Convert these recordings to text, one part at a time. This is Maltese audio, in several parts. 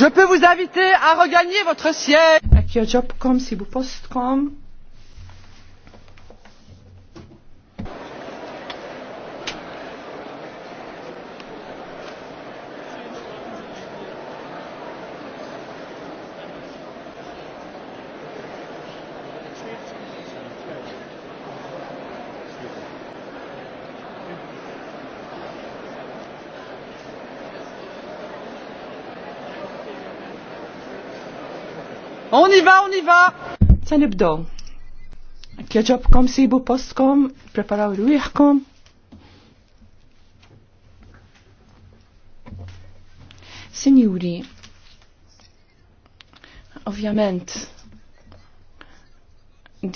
Je peux vous inviter à regagner votre siège. On y va, on y va! Sa nibdow. Kjaġobkom sibu postkom, preparaw rwiħkom. Signuri, ovvjament,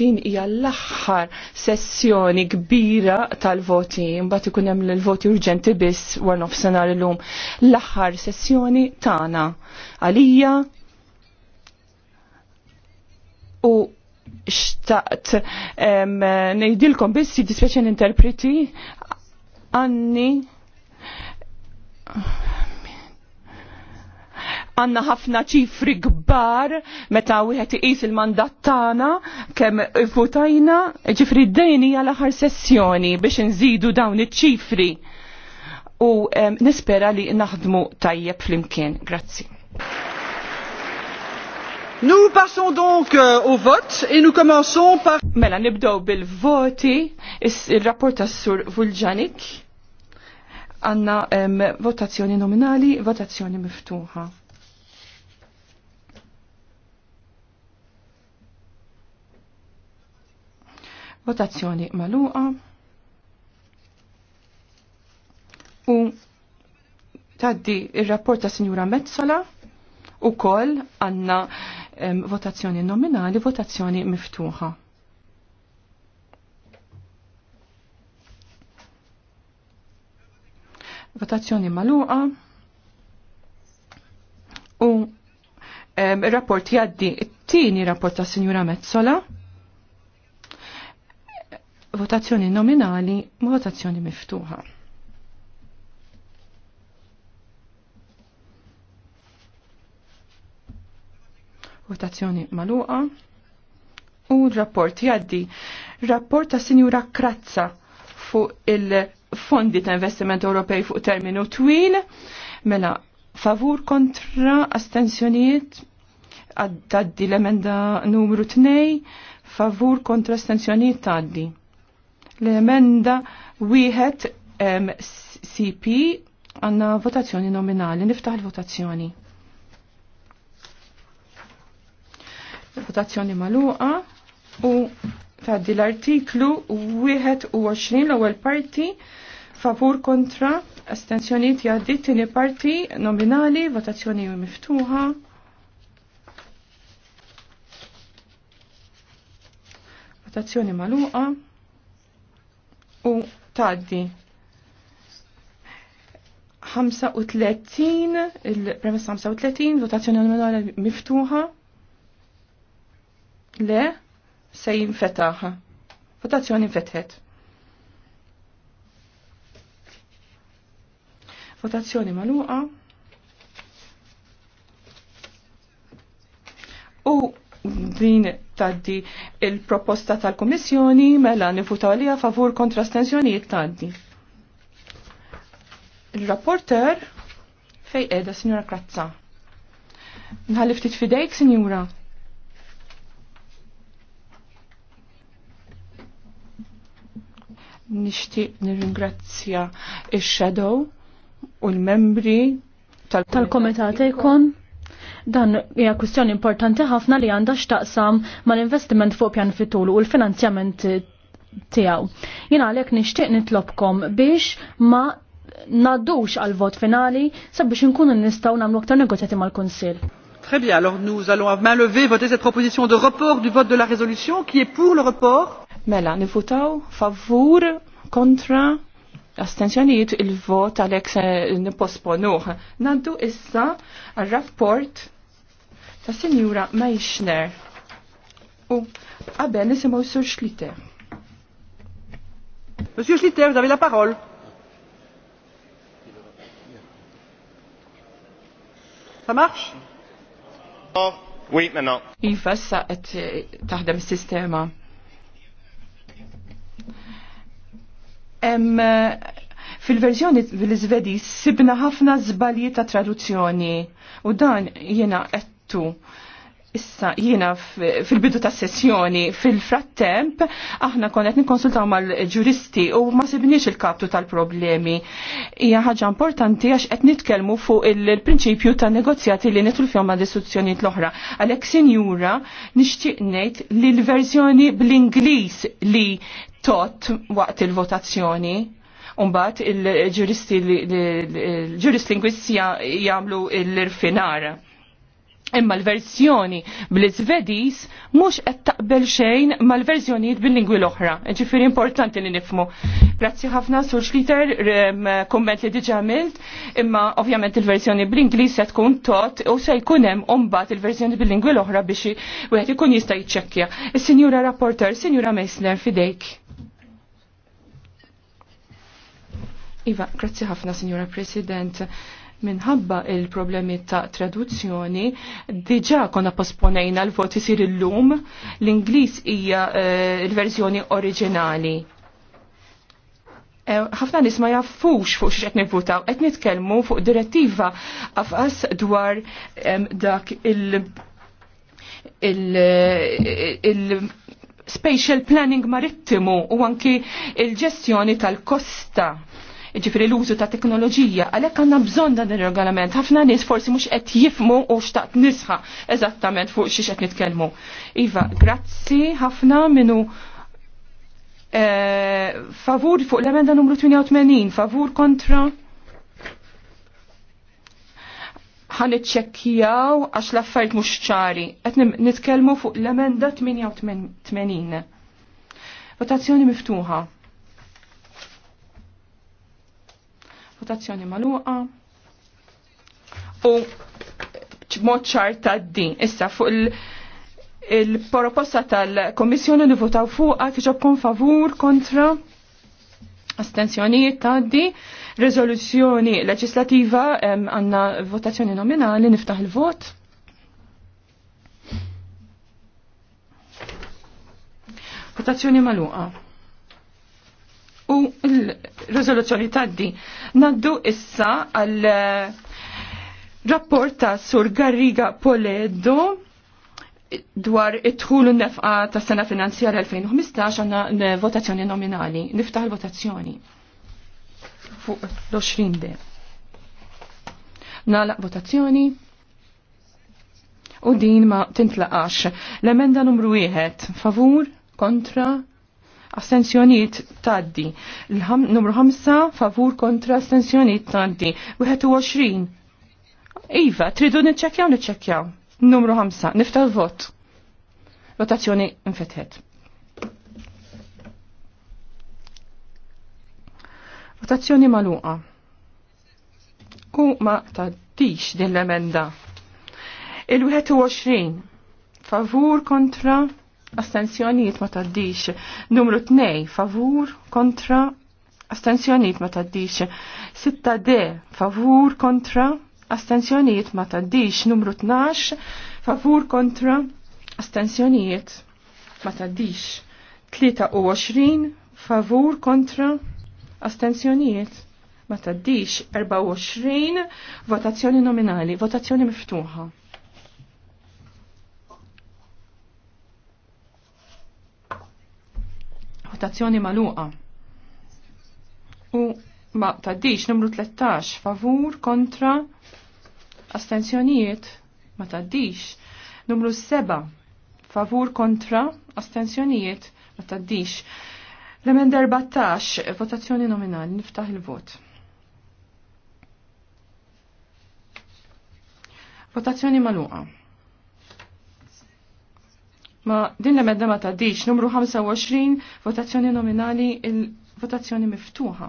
din hija l-aħħar sessjoni kbira tal-voti, mbagħad ikun hemm l-voti urġenti biss wara nofsinhar illum. L-aħħar sessjoni tagħna għalija u xtaqt nejdilkom biss jidispeċi interpreti għanni għanna ħafna ċifri gbar meta wieħed iqis il-mandat tagħna kemm votajna ċifri d-dejni għal aħħar sessjoni biex nżidu dawn iċ-ċifri. U nispera li naħdmu tajjeb flimkien. Grazzi. Nous passons donc euh, au vote et nous commençons par... Mela nibdow bil-voti, il-rapport tas sur Vulġanik, għanna votazzjoni nominali, votazzjoni miftuħa. Votazzjoni maluqa u taddi il-rapport ta' Sinjura Mezzola u koll għanna votazzjoni nominali, votazzjoni miftuħa. Votazzjoni maluqa u um, rapport jaddi t tieni rapport ta' Sinjura Mezzola. Votazzjoni nominali, votazzjoni miftuħa. Votazzjoni maluqa. U rapport jaddi. Rapport ta' Sinjura Krazza fuq il-Fondi ta' Investiment Ewropej fuq terminu twil. Mela, favur kontra astensjonijiet għaddaddi l-emenda numru 2, favur kontra astensjonijiet taddi. L-emenda wieħed CP għanna votazzjoni nominali. Niftaħ il-votazzjoni. votazzjoni maluqa u di l-artiklu 21 l-ewwel parti favur kontra astensjonijiet jgħaddi tieni parti nominali votazzjoni miftuħa. Votazzjoni maluqa u tgħaddi 35 il premessa 35 votazzjoni nominali miftuħa. Le, se jinfetaħ. Votazzjoni fetħet. Votazzjoni maluqa. U din taddi il-proposta tal-Komissjoni mela nifutaw li favur kontra stenzjonijiet taddi. Il-rapporter fej edha, Signora Krazza. Nħalli ftit fidejk, Signora. Nishtiq nirringrazzja il-Shadow u l-membri tal-Komitat tal Dan hija kwistjoni importanti ħafna li għandha x'taqsam mal-investiment fuq pjan fitul u l-finanzjament tiegħu. Jien għalhekk nixtieq nitlobkom biex ma nadux għal vot finali sabiex inkunu nistgħu nagħmlu aktar negozjati mal-Kunsill. Très bien, alors nous allons à main levée voter cette proposition de report du vote de la résolution qui est pour le report. Mela, nifutaw favur kontra astenzjonijiet il-vot għalek se niposponuħ. Naddu issa għal-rapport ta' senjura Meixner. U għabben nisimaw Sur Schlitter. Monsieur Schlitter, vous avez la parole. Ça marche? Oh, oui, maintenant. Iva, sa' taħdem sistema Em fil-verżjoni fil-Svedi sibna ħafna żbalji ta' traduzzjoni u dan jiena qettu Issa jiena fil-bidu ta' sessjoni fil-frattemp aħna konet nikonsultaw mal-ġuristi u ma sibniex il-kaptu tal-problemi. Hija ħaġa importanti għax qed nitkellmu fuq il-prinċipju ta' negozjati li nitlu fjom ma' istituzzjonijiet l-oħra. Għalhekk sinjura nixtieq ngħid li l-verżjoni bl-Ingliż li tot waqt il-votazzjoni Umbat il-ġuristi l-ġurist lingwistja jagħmlu l-irfinar Imma l-verzjoni bl izvedis mhux qed taqbel xejn mal-verżjonijiet bil-lingwi l-oħra. Ġifieri importanti li nifmu. Grazzi ħafna sur Schlitter kumment li diġà għamilt, imma ovvjament il verzjoni bl-Ingliż se tkun tot u se jkun hemm imbagħad il-verżjoni bil-lingwi l-oħra biex wieħed ikun jista' jiċċekkja. Is-Sinjura Rapporter, Sinjura Meissner fidejk. Iva, grazzi ħafna, Sinjura President minħabba il-problemi ta' traduzzjoni, diġa konna posponejna l-vot isir il-lum, l-Inglis hija eh, l-verżjoni oriġinali. Eh, ħafna nisma jaffux fuq xiex qed nivvutaw, qed nitkellmu fuq direttiva għafqas dwar dak il- il- spatial planning marittimu u anki il-ġestjoni tal-kosta ġifri l-użu ta' teknoloġija, għalhekk għandna bżonn dan ir-regolament. Ħafna nies forsi mhux qed jifmu u xtaqt nisħa eżattament fuq xi qed nitkellmu. Iva, grazzi ħafna minu eh, favur fuq l-emenda numru 88, favur kontra ħan iċċekkjaw għax l-affarijiet mhux ċari. Qed nitkellmu fuq l-emenda 88. Votazzjoni miftuħa. votazzjoni maluqa. U ċmod ċar ta' din, issa fuq il-proposta tal-Komissjoni li votaw fuqa tiġobkom favur kontra astenzjonijiet ta' di, rezoluzzjoni legislativa għanna votazzjoni nominali niftaħ il-vot. Votazzjoni maluqa. U il-rizoluzzjoni taddi. Naddu issa għal eh, rapport ta' Sur Garriga Poledo dwar it-tħul nefqa ta' sena finanzjarja 2015 għanna eh, votazzjoni nominali. Niftaħ l votazzjoni Fuq l-20 de. Nalaq votazzjoni u din ma tintlaqax. L-emenda numru 1, favur, kontra, astensjoniet taddi. Numru 5 favur kontra astensjoniet taddi. 21. Iva, tridu niċċekjaw niċċekjaw. Numru 5, niftaħ vot. Votazzjoni infetħet. Votazzjoni maluqa. U ma taddix din l-emenda. Il-21 favur kontra astensjonijiet ma taddix. Numru 2 favur kontra astensjonijiet ma taddix. 6D favur kontra astensjonijiet ma taddix. Numru 12 favur kontra astensjonijiet ma taddix. 23 favur kontra astensjonijiet ma taddix. 24 votazzjoni nominali, votazzjoni miftuħa. votazzjoni maluqa. U ma taddix numru 13 favur kontra astenzjonijiet ma taddix. Numru 7 favur kontra astenzjonijiet ma taddix. L-emenda 14 votazzjoni nominali niftaħ il-vot. Votazzjoni maluqa. Ma din l-emenda ma taddix, numru 25, votazzjoni nominali, il-votazzjoni miftuħa.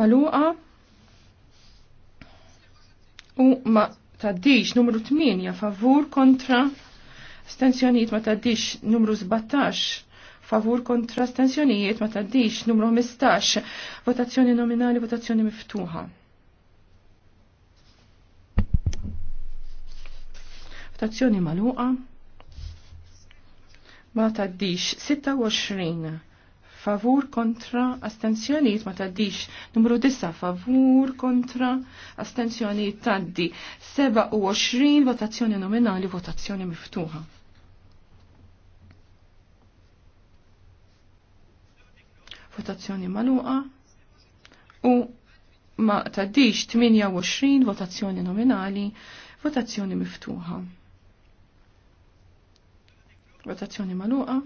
Maluqa u ma taddix, numru 8, favur kontra stenzjoniet ma taddix, numru 17, favur kontra stenzjoniet ma taddix, numru 15, votazzjoni nominali, votazzjoni miftuħa. Votazzjoni maluqa. Ma taddix 26 favur kontra astenzjoniet ma taddix numru 9 favur kontra astenzjoniet taddi 27 votazzjoni nominali votazzjoni miftuħa. Votazzjoni maluqa u ma taddix 28 votazzjoni nominali votazzjoni miftuħa. Votazzjoni maluqa.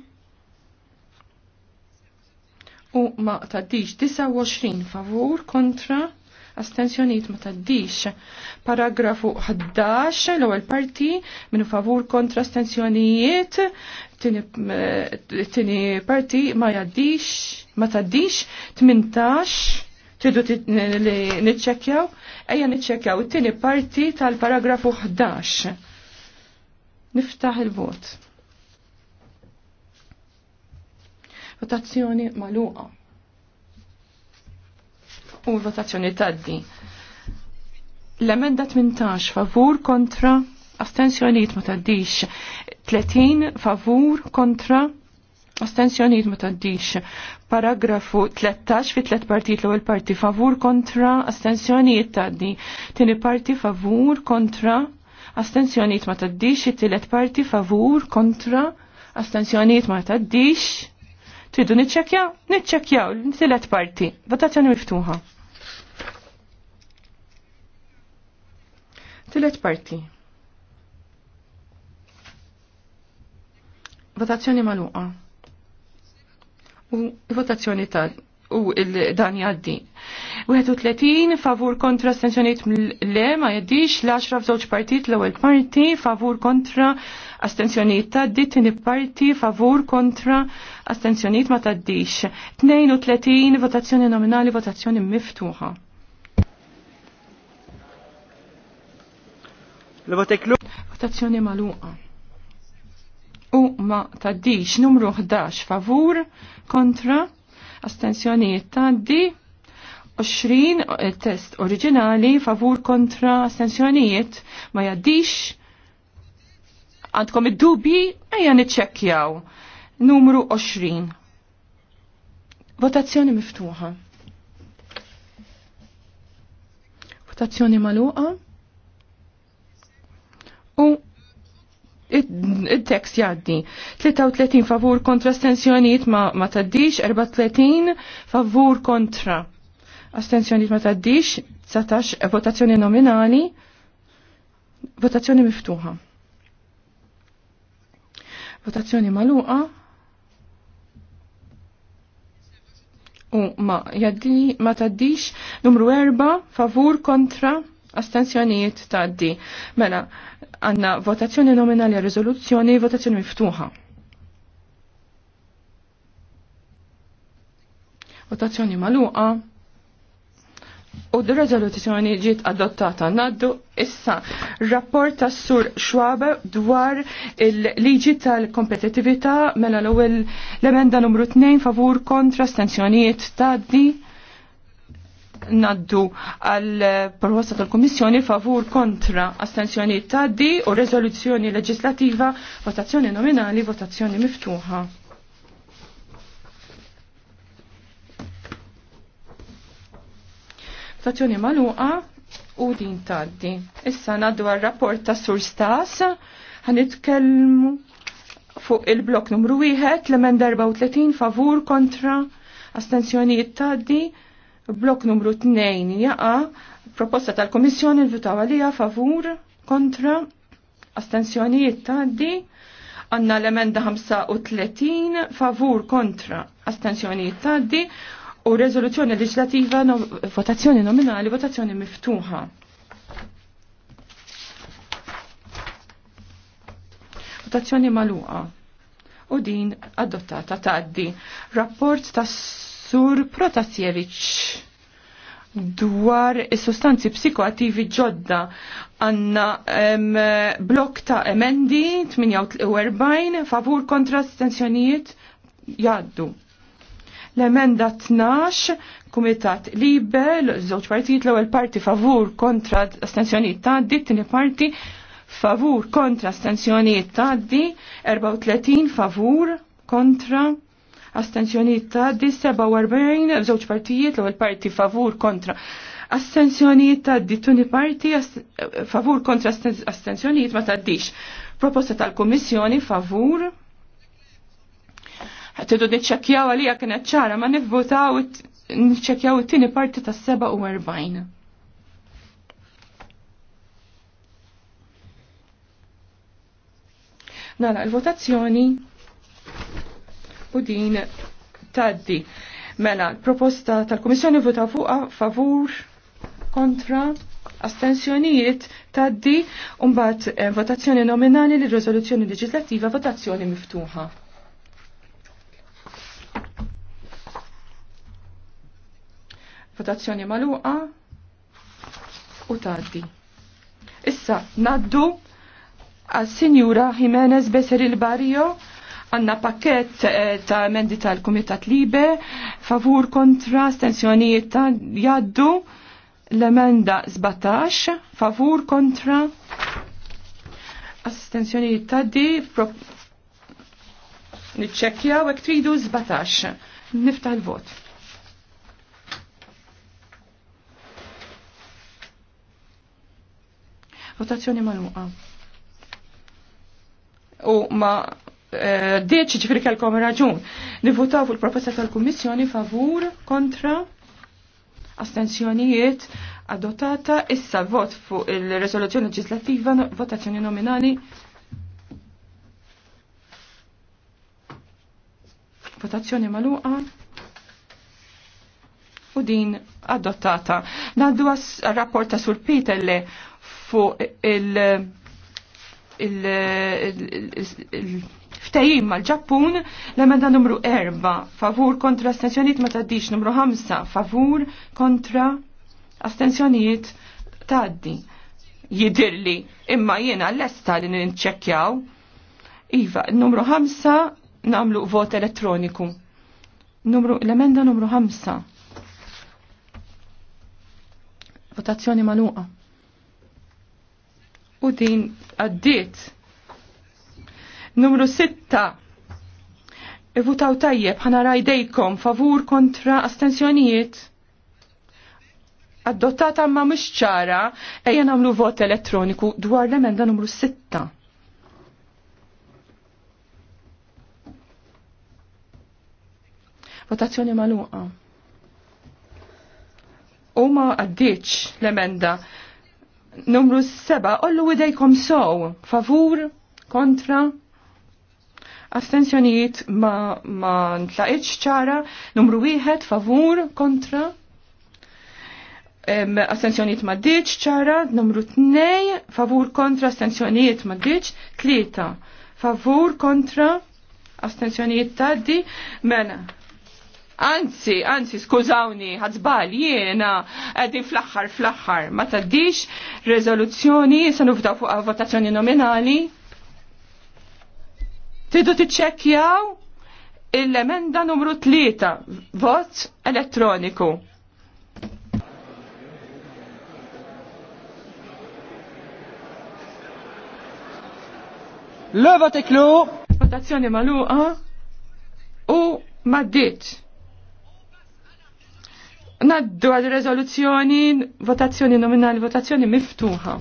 U ma taddix 29 favur kontra astensjoniet ma taddix. Paragrafu 11 l-ewwel parti minn favur kontra astensjonijiet tini eh, parti ma jaddix ma taddix 18 tridu li niċċekjaw ejja niċċekkjaw it-tieni parti tal-paragrafu 11. Niftaħ il-vot. Votazzjoni maluqa. U votazzjoni taddi. L-emenda 18 favur kontra astensjoniet ma taddix. 30 favur kontra Astensjoniet ma taddix. Paragrafu 13 fi 3 partit l-ewwel parti favur kontra astensjoniet taddi. Tieni parti favur kontra astensjoniet ma taddix, it-tielet parti favur kontra astensjoniet ma taddix. Tridu niċċekkjaw? Niċċekkjaw l-tielet parti. Votazzjoni miftuħa. Tielet parti. Votazzjoni maluqa. U votazzjoni tal u il-dan jaddi 31 favur kontra astensjoniet le ma jeddix, l-10 f'żewġ partit l-ewwel parti favur kontra astensjoniet taddi, tieni parti favur kontra astensjoniet ma taddix. 32 votazzjoni nominali, votazzjoni miftuħa. Votazzjoni maluqa u ma taddix numru 11 favur kontra ta' taddi 20 il-test oriġinali favur kontra sensjonijiet ma jaddix għandkom id-dubji ejja niċċekkjaw. Numru 20. Votazzjoni miftuħa. Votazzjoni maluqa. U il-tekst jaddi. 33 favur kontra stensjoniet ma, ma taddix, 34 favur kontra astenzjoni ma taddix, 19 votazzjoni nominali, votazzjoni miftuħa. Votazzjoni maluqa u ma jaddi ma taddix numru 4 favur kontra astenzjonijiet taddi. Mela, għanna votazzjoni nominali għal riżoluzzjoni, votazzjoni miftuħa. Votazzjoni maluqa. U d rezoluzzjoni ġiet adottata naddu issa rapport tas sur Schwabe dwar il-liġi tal-kompetitività mela l-ewwel l-emenda numru 2 favur kontra stenzjonijiet di naddu għal proposta tal-Komissjoni favur kontra astensjoni di u rezoluzzjoni leġislativa votazzjoni nominali votazzjoni miftuħa. Stazzjoni maluqa u din taddi. Issa naddu għal rapport ta' Sur Stas, għanitkelmu fuq il-blok numru 1, l-emen 34 favur kontra astensjonijiet taddi, blok numru 2 jaqa, proposta tal-Komissjoni l-vutaw għalija favur kontra astensjonijiet taddi, għanna l-emenda 35 favur kontra astensjonijiet taddi, u rezoluzzjoni legislativa, no, votazzjoni nominali, votazzjoni miftuħa. Votazzjoni maluqa u din adottata taddi. Rapport ta' Sur Protasiewicz dwar is-sustanzi psikoattivi ġodda għanna blok ta' emendi 48 favur kontra stenzjonijiet jaddu. L-emenda 12, kumitat libe, żewġ partijiet l-ewwel parti favur kontra astensjonijiet tgħaddi, tieni parti favur kontra astensjonijiet tgħaddi, 34 favur kontra astensjonijiet tgħaddi, 47 żewġ partijiet l-ewwel parti favur kontra astensjonijiet tgħaddi, tuni parti favur kontra astensjonijiet ma tgħaddix. Proposta tal-Kummissjoni favur ħtidu nitċakjaw għalija kienet ċara ma nivvotaw nitċakjaw it-tieni parti ta' 47. Nara, il-votazzjoni u din taddi. Mela, proposta tal-Komissjoni vota fuqa favur kontra astensjonijiet taddi un bat eh, votazzjoni nominali li rezoluzzjoni legislativa votazzjoni miftuħa. Votazzjoni maluqa u taddi. Issa, naddu għal sinjura Jimenez Beser il-Barrio għanna pakket eh, ta' emendi tal-Kumitat Libe, favur kontra stensjonijiet ta' jaddu l-emenda 17, favur kontra astensjonijiet ta' di, niċċekjaw għek tridu 17. Niftaħ il-vot. votazzjoni maluqa. U ma eh, deċi ċifri kelkom raġun. Nivvotaw fuq il-proposta tal-Kummissjoni favur kontra astensjonijiet adottata issa vot fuq il-resoluzzjoni legislativa votazzjoni nominali votazzjoni maluqa u din adottata. Naddu għas rapporta sur Peter fuq il- il-ftajim mal-ġappun l-emenda numru 4 favur kontra astensjoniet ma taddix numru 5 favur kontra astensjoniet taddi jidirli imma jiena l-esta li ninċekjaw Iva, numru 5 namlu vot elettroniku. Numru, l-emenda numru 5. Votazzjoni maluqa u din għaddiet. Numru 6. Ivutaw tajjeb ħana rajdejkom favur kontra astensjonijiet. Adottata ma mux ċara ejja nagħmlu vot elettroniku dwar l-emenda numru 6. Votazzjoni maluqa. U ma għaddiċ l-emenda numru seba' ollu idejkom sow, favur, kontra, astensjonijiet ma, ma ntlaqiċ ċara, numru wieħed, favur, kontra, um, astensjonijiet ma diċ ċara, numru 2, favur, kontra, astensjonijiet ma diċ, 3, favur, kontra, astensjonijiet taddi, mena, Anzi, anzi, skużawni, għazbal, jiena għedin fl-axħar fl-axħar. Ma taddix rezoluzzjoni se fda fuq votazzjoni nominali. Tidu tiċċekkjaw il-emenda numru 3, vot elettroniku. Leva teklu! Votazzjoni maluqa u maddit. Naddu għal rezoluzzjoni, votazzjoni nominali, votazzjoni miftuħa.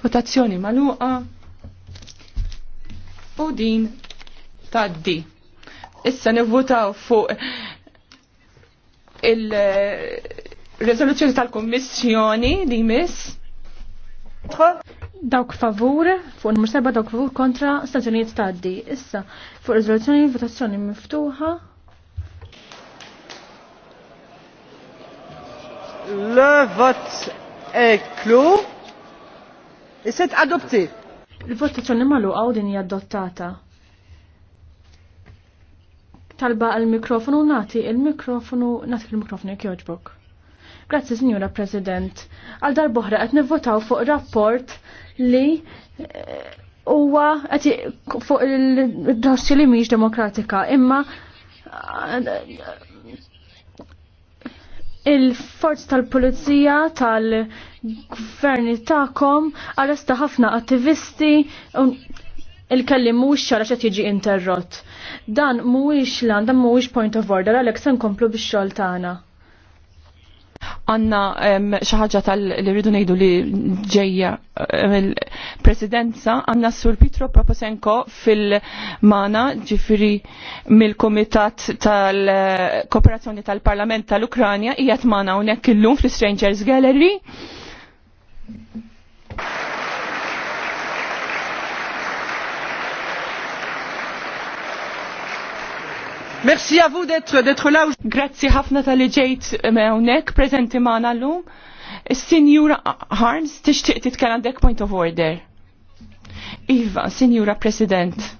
Votazzjoni maluqa u din taddi. Issa nivvotaw fuq il-rezoluzzjoni eh, tal-Kommissjoni li miss dawk favur, fuq numru seba dawk favur kontra stazzjonijiet taddi. Issa, fuq riżoluzzjoni votazzjoni miftuħa. Le vot e klu. Et adopti. Il-votazzjoni malu u din hija adottata. Talba għal mikrofonu nati il-mikrofonu nati il-mikrofonu jekk joġbok. Grazzi, Signora President. Għal darbohra qed nivvotaw fuq rapport li eh, huwa qed fuq il-dossier li mhix demokratika, imma eh, il-forz tal-pulizija tal-gverni ta'kom arresta ħafna attivisti il kelli mhuwiex xara xa jiġi interrott. Dan mhuwiex lan, dan mhuwiex point of order għalhekk se nkomplu bix-xogħol tagħna għanna xaħġa tal-ridu nejdu li ġeja il presidenza għanna sur Pietro Proposenko fil-mana ġifiri mill-komitat tal-kooperazzjoni tal-parlament tal-Ukranja ijat mana unek il-lum fl-Strangers Gallery. Merci à vous d'être là. Grazzi ħafna tal-li ġejt hawnhekk preżenti magħna llum. Sinjura Harms tixtieq titkellem dek point of order. Iva, Signora President.